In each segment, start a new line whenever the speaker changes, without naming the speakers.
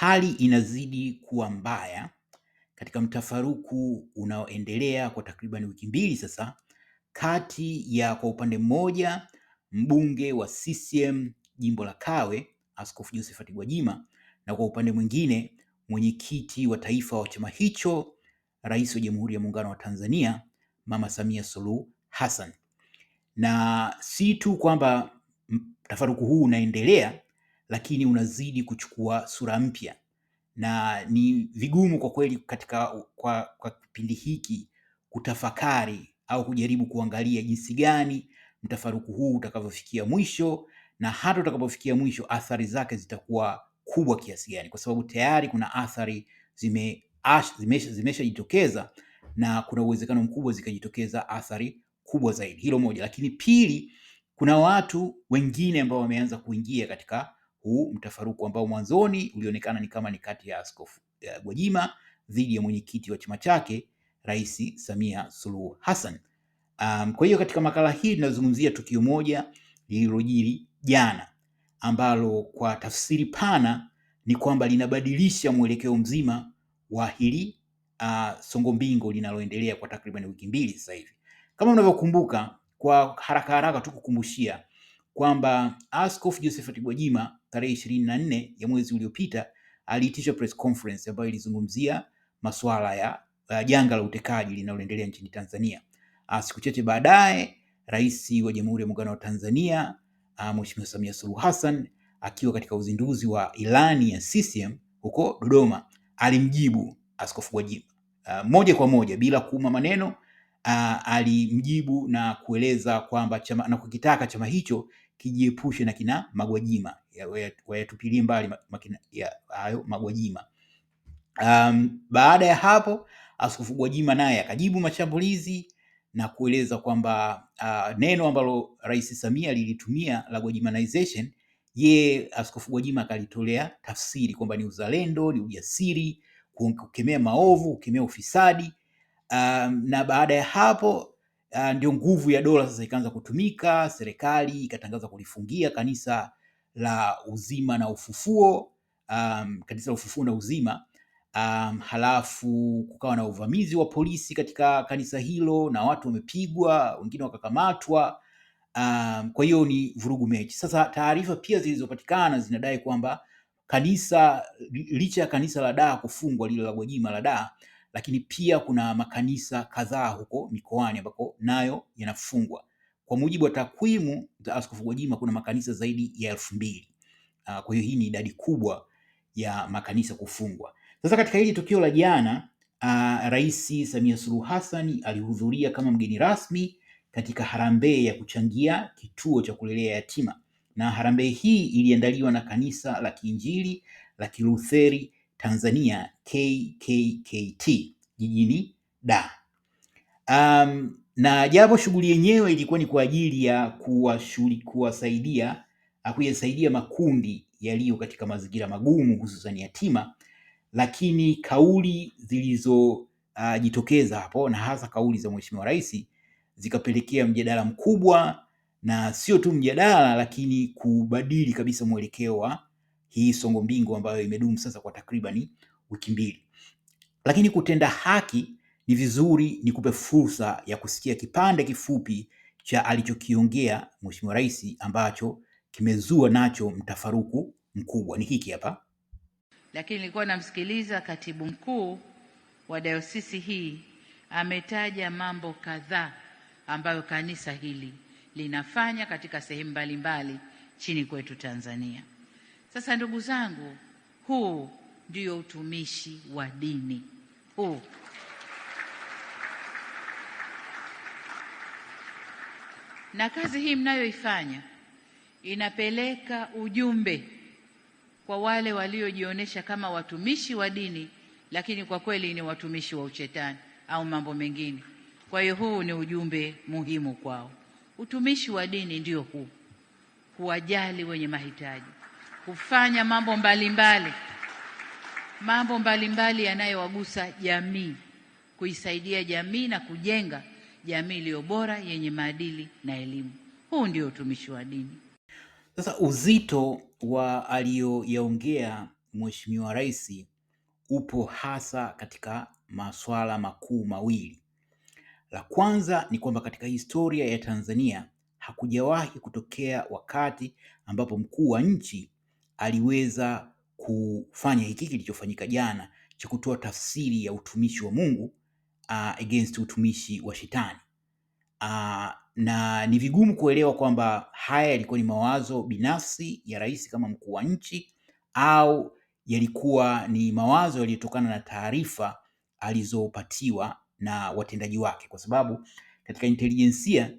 Hali inazidi kuwa mbaya katika mtafaruku unaoendelea kwa takriban wiki mbili sasa, kati ya kwa upande mmoja mbunge wa CCM jimbo la Kawe Askofu Josephat Gwajima na kwa upande mwingine mwenyekiti wa taifa wa chama hicho Rais wa Jamhuri ya Muungano wa Tanzania Mama Samia Suluhu Hassan. Na si tu kwamba mtafaruku huu unaendelea, lakini unazidi kuchukua sura mpya, na ni vigumu kwa kweli katika kwa, kwa kipindi hiki kutafakari au kujaribu kuangalia jinsi gani mtafaruku huu utakavyofikia mwisho, na hata utakapofikia mwisho athari zake zitakuwa kubwa kiasi gani, kwa sababu tayari kuna athari zimeshajitokeza zimesha na kuna uwezekano mkubwa zikajitokeza athari kubwa zaidi. Hilo moja, lakini pili, kuna watu wengine ambao wameanza kuingia katika huu mtafaruku ambao mwanzoni ulionekana ni kama ni kati ya Askofu Gwajima dhidi ya mwenyekiti wa chama chake Rais Samia Suluhu Hassan. Um, kwa hiyo katika makala hii tunazungumzia tukio moja lililojiri jana ambalo kwa tafsiri pana ni kwamba linabadilisha mwelekeo mzima wa hili uh, songo mbingo linaloendelea kwa takriban wiki mbili sasa hivi. Kama unavyokumbuka, kwa haraka haraka tu kukumbushia kwamba Askofu Josephat Gwajima tarehe ishirini na nne ya mwezi uliopita aliitisha press conference ambayo ilizungumzia masuala ya uh, janga la utekaji linaloendelea nchini Tanzania. Uh, siku chache baadaye Rais wa Jamhuri ya Muungano wa Tanzania uh, Mheshimiwa Samia Suluhu Hassan akiwa katika uzinduzi wa ilani ya CCM huko Dodoma alimjibu Askofu Gwajima uh, moja kwa moja bila kuuma maneno uh, alimjibu na kueleza kwamba chama na kukitaka chama hicho kijiepushe na kina Magwajima wayatupilie mbali makina ya hayo Magwajima. Um, baada ya hapo Askofu Gwajima naye akajibu mashambulizi na kueleza kwamba uh, neno ambalo Rais Samia lilitumia la Gwajimanization, ye Askofu Gwajima akalitolea tafsiri kwamba ni uzalendo, ni ujasiri, kukemea maovu, kukemea ufisadi. Um, na baada ya hapo uh, ndio nguvu ya dola sasa ikaanza kutumika, serikali ikatangaza kulifungia kanisa la uzima na ufufuo um, kanisa la ufufuo na uzima um, halafu kukawa na uvamizi wa polisi katika kanisa hilo na watu wamepigwa, wengine wakakamatwa. Um, kwa hiyo ni vurugu mechi. Sasa taarifa pia zilizopatikana zinadai kwamba kanisa licha ya kanisa la daa kufungwa lile la Gwajima la daa lakini pia kuna makanisa kadhaa huko mikoani ambako nayo yanafungwa. Kwa mujibu wa takwimu za Askofu Gwajima kuna makanisa zaidi ya elfu mbili. Ah, kwa hiyo hii ni idadi kubwa ya makanisa kufungwa. Sasa katika hili tukio la jana, uh, Rais Samia Suluhu Hassan alihudhuria kama mgeni rasmi katika harambee ya kuchangia kituo cha kulelea yatima, na harambee hii iliandaliwa na kanisa la Kiinjili la Kilutheri Tanzania KKKT jijini Dar. Um, na japo shughuli yenyewe ilikuwa ni kwa ajili ya kuwasaidia kuyasaidia makundi yaliyo katika mazingira magumu hususani yatima, lakini kauli zilizojitokeza ah, uh, hapo na hasa kauli za Mheshimiwa Rais zikapelekea mjadala mkubwa, na sio tu mjadala, lakini kubadili kabisa mwelekeo wa hii songo mbingo ambayo imedumu sasa kwa takribani wiki mbili. Lakini kutenda haki ni vizuri nikupe fursa ya kusikia kipande kifupi cha alichokiongea Mheshimiwa Rais ambacho kimezua nacho mtafaruku mkubwa. Ni hiki hapa.
Lakini nilikuwa namsikiliza katibu mkuu wa dayosisi hii, ametaja mambo kadhaa ambayo kanisa hili linafanya katika sehemu mbalimbali chini kwetu Tanzania. Sasa ndugu zangu, huu ndio utumishi wa dini huu na kazi hii mnayoifanya inapeleka ujumbe kwa wale waliojionyesha kama watumishi wa dini, lakini kwa kweli ni watumishi wa ushetani au mambo mengine. Kwa hiyo huu ni ujumbe muhimu kwao. Utumishi wa dini ndio huu, kuwajali wenye mahitaji, kufanya mambo mbalimbali mbali, mambo mbalimbali yanayowagusa jamii, kuisaidia jamii na kujenga jamii iliyo bora yenye maadili na elimu. Huu ndio utumishi wa dini.
Sasa uzito wa aliyoyaongea Mheshimiwa Rais upo hasa katika masuala makuu mawili. La kwanza ni kwamba katika historia ya Tanzania hakujawahi kutokea wakati ambapo mkuu wa nchi aliweza kufanya hiki kilichofanyika jana cha kutoa tafsiri ya utumishi wa Mungu uh, against utumishi wa shetani uh, na ni vigumu kuelewa kwamba haya yalikuwa ni mawazo binafsi ya rais kama mkuu wa nchi au yalikuwa ni mawazo yaliyotokana na taarifa alizopatiwa na watendaji wake, kwa sababu katika intelijensia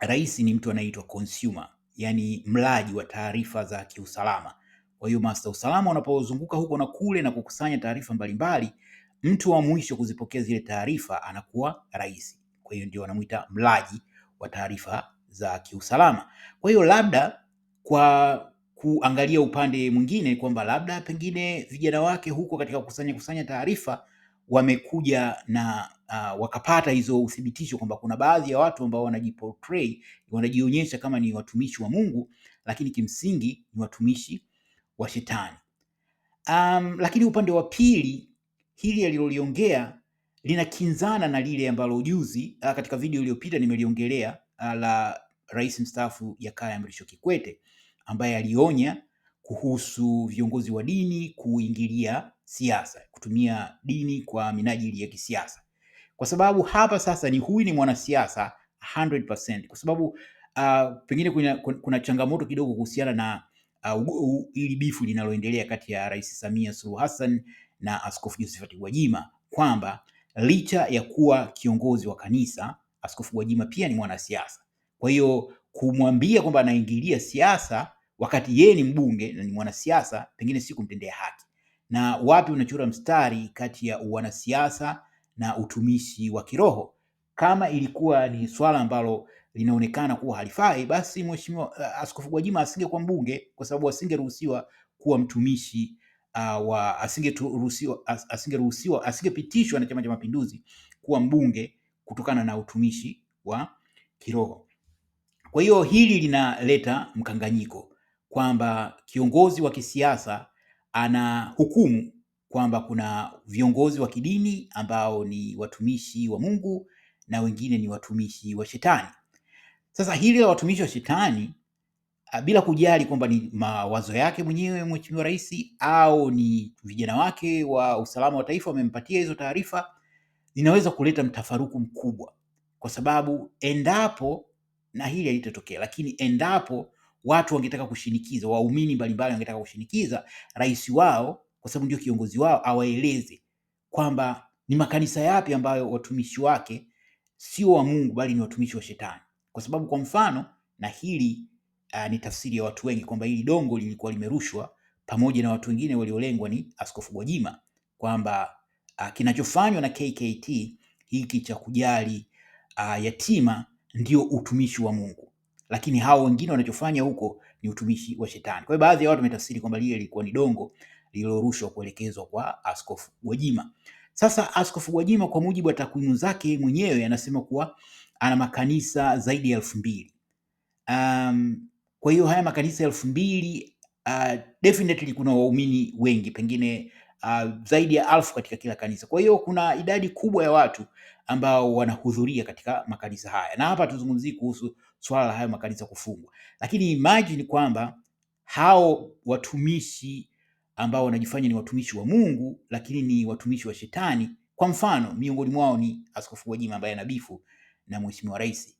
rais ni mtu anaitwa consumer, yani mlaji wa taarifa za kiusalama. Kwa hiyo master usalama wanapozunguka huko na kule na kukusanya taarifa mbalimbali mtu wa mwisho kuzipokea zile taarifa anakuwa rais. Kwa hiyo ndio wanamuita mlaji wa taarifa za kiusalama. Kwa hiyo labda kwa kuangalia upande mwingine kwamba labda pengine vijana wake huko katika kukusanya kusanya taarifa wamekuja na uh, wakapata hizo uthibitisho kwamba kuna baadhi ya watu ambao wanajiportray wanajionyesha kama ni watumishi wa Mungu, lakini kimsingi ni watumishi wa shetani. Um, lakini upande wa pili hili aliloliongea linakinzana na lile ambalo juzi ah, katika video iliyopita nimeliongelea ah, la rais mstaafu Jakaya Mrisho Kikwete ambaye alionya kuhusu viongozi wa dini kuingilia siasa, kutumia dini kwa minajili ya kisiasa, kwa sababu hapa sasa ni huyu ni mwanasiasa 100% kwa sababu uh, pengine kuna, kuna changamoto kidogo kuhusiana na uh, ili bifu linaloendelea kati ya Rais Samia Suluhu Hassan na Askofu Josephat Gwajima kwamba licha ya kuwa kiongozi wa kanisa, Askofu Gwajima pia ni mwanasiasa. Kwa hiyo kumwambia kwamba anaingilia siasa wakati yeye ni mbunge na ni mwanasiasa, pengine si kumtendea haki. Na wapi unachora mstari kati ya wanasiasa na utumishi wa kiroho? Kama ilikuwa ni swala ambalo linaonekana kuwa halifai, basi mheshimiwa eh, Askofu Gwajima asingekuwa mbunge, kwa sababu asingeruhusiwa kuwa mtumishi uh, wa asingeruhusiwa asingepitishwa na Chama cha Mapinduzi kuwa mbunge kutokana na utumishi wa kiroho. Kwa hiyo hili linaleta mkanganyiko kwamba kiongozi wa kisiasa ana hukumu kwamba kuna viongozi wa kidini ambao ni watumishi wa Mungu na wengine ni watumishi wa shetani. Sasa hili la watumishi wa shetani Ah, bila kujali kwamba ni mawazo yake mwenyewe mheshimiwa rais au ni vijana wake wa usalama wa taifa wamempatia hizo taarifa, inaweza kuleta mtafaruku mkubwa, kwa sababu endapo, na hili halitatokea, lakini endapo watu wangetaka kushinikiza, waumini mbalimbali wangetaka kushinikiza rais wao, kwa sababu ndio kiongozi wao, awaeleze kwamba ni makanisa yapi ambayo watumishi wake sio wa Mungu bali ni watumishi wa Shetani, kwa sababu kwa mfano na hili uh, ni tafsiri ya watu wengi kwamba hili dongo lilikuwa limerushwa pamoja na watu wengine waliolengwa ni Askofu Gwajima, kwamba uh, kinachofanywa na KKT hiki cha kujali uh, yatima ndio utumishi wa Mungu, lakini hao wengine wanachofanya huko ni utumishi wa shetani. Kwa hiyo baadhi ya watu wametafsiri kwamba lile lilikuwa ni dongo lililorushwa kuelekezwa kwa Askofu Gwajima. Sasa Askofu Gwajima kwa mujibu wa takwimu zake mwenyewe anasema kuwa ana makanisa zaidi ya elfu mbili. Um, kwa hiyo haya makanisa elfu mbili uh, definitely kuna waumini wengi pengine uh, zaidi ya alfu katika kila kanisa. Kwa hiyo kuna idadi kubwa ya watu ambao wanahudhuria katika makanisa haya, na hapa tuzungumzie kuhusu swala la hayo makanisa kufungwa, lakini imagine kwamba hao watumishi ambao wanajifanya ni watumishi wa Mungu lakini ni watumishi wa Shetani. Kwa mfano, miongoni mwao ni Askofu Gwajima ambaye anabifu na mheshimiwa rais.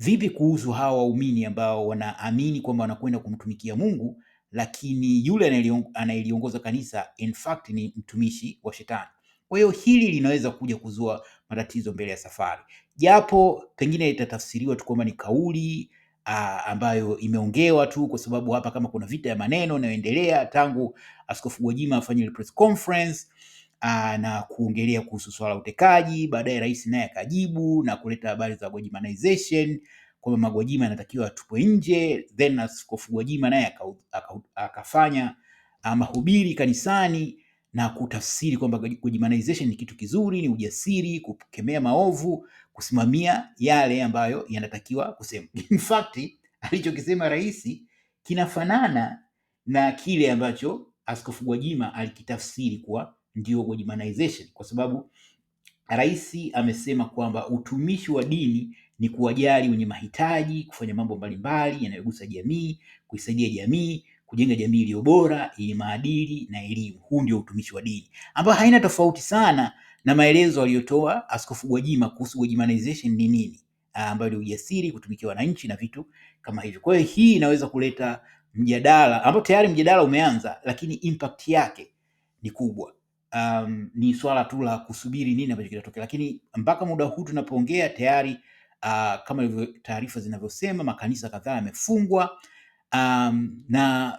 Vipi kuhusu hawa waumini ambao wanaamini kwamba wanakwenda kumtumikia Mungu, lakini yule anayeliongoza kanisa in fact ni mtumishi wa shetani? Kwa hiyo hili linaweza kuja kuzua matatizo mbele ya safari, japo pengine itatafsiriwa tu kwamba ni kauli a, ambayo imeongewa tu, kwa sababu hapa kama kuna vita ya maneno inayoendelea tangu Askofu Gwajima afanye press conference Ah, na kuongelea kuhusu swala utekaji. Baadaye rais naye akajibu na kuleta habari za Gwajimanization kwamba Magwajima yanatakiwa atupwe nje, then Askofu Gwajima naye akafanya ah, mahubiri kanisani na kutafsiri kwamba Gwajimanization ni kitu kizuri, ni ujasiri, kukemea maovu, kusimamia yale ambayo yanatakiwa kusema. In fact alichokisema rais kinafanana na kile ambacho Askofu Gwajima alikitafsiri kuwa ndio Gwajimanization, kwa sababu rais amesema kwamba utumishi wa dini ni kuwajali wenye mahitaji, kufanya mambo mbalimbali yanayogusa jamii, kuisaidia jamii, kujenga jamii iliyo bora yenye maadili na elimu. Huu ndio utumishi wa dini ambayo haina tofauti sana na maelezo aliyotoa Askofu Gwajima kuhusu Gwajimanization ni nini, ah, ambayo ni ujasiri, kutumikia wananchi na vitu kama hivyo. Kwa hiyo hii inaweza kuleta mjadala ambao tayari mjadala umeanza, lakini impact yake ni kubwa um, ni swala tu la kusubiri nini ambacho kitatokea, lakini mpaka muda huu tunapoongea tayari uh, kama ilivyo taarifa zinavyosema makanisa kadhaa yamefungwa, um, na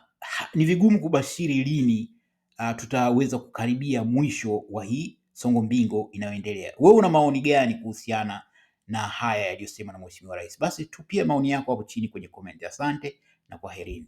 ni vigumu kubashiri lini uh, tutaweza kukaribia mwisho wa hii songo mbingo inayoendelea. Wewe una maoni gani kuhusiana na haya yaliyosema na Mheshimiwa Rais? Basi tupia maoni yako hapo chini kwenye comment. Asante na kwaherini.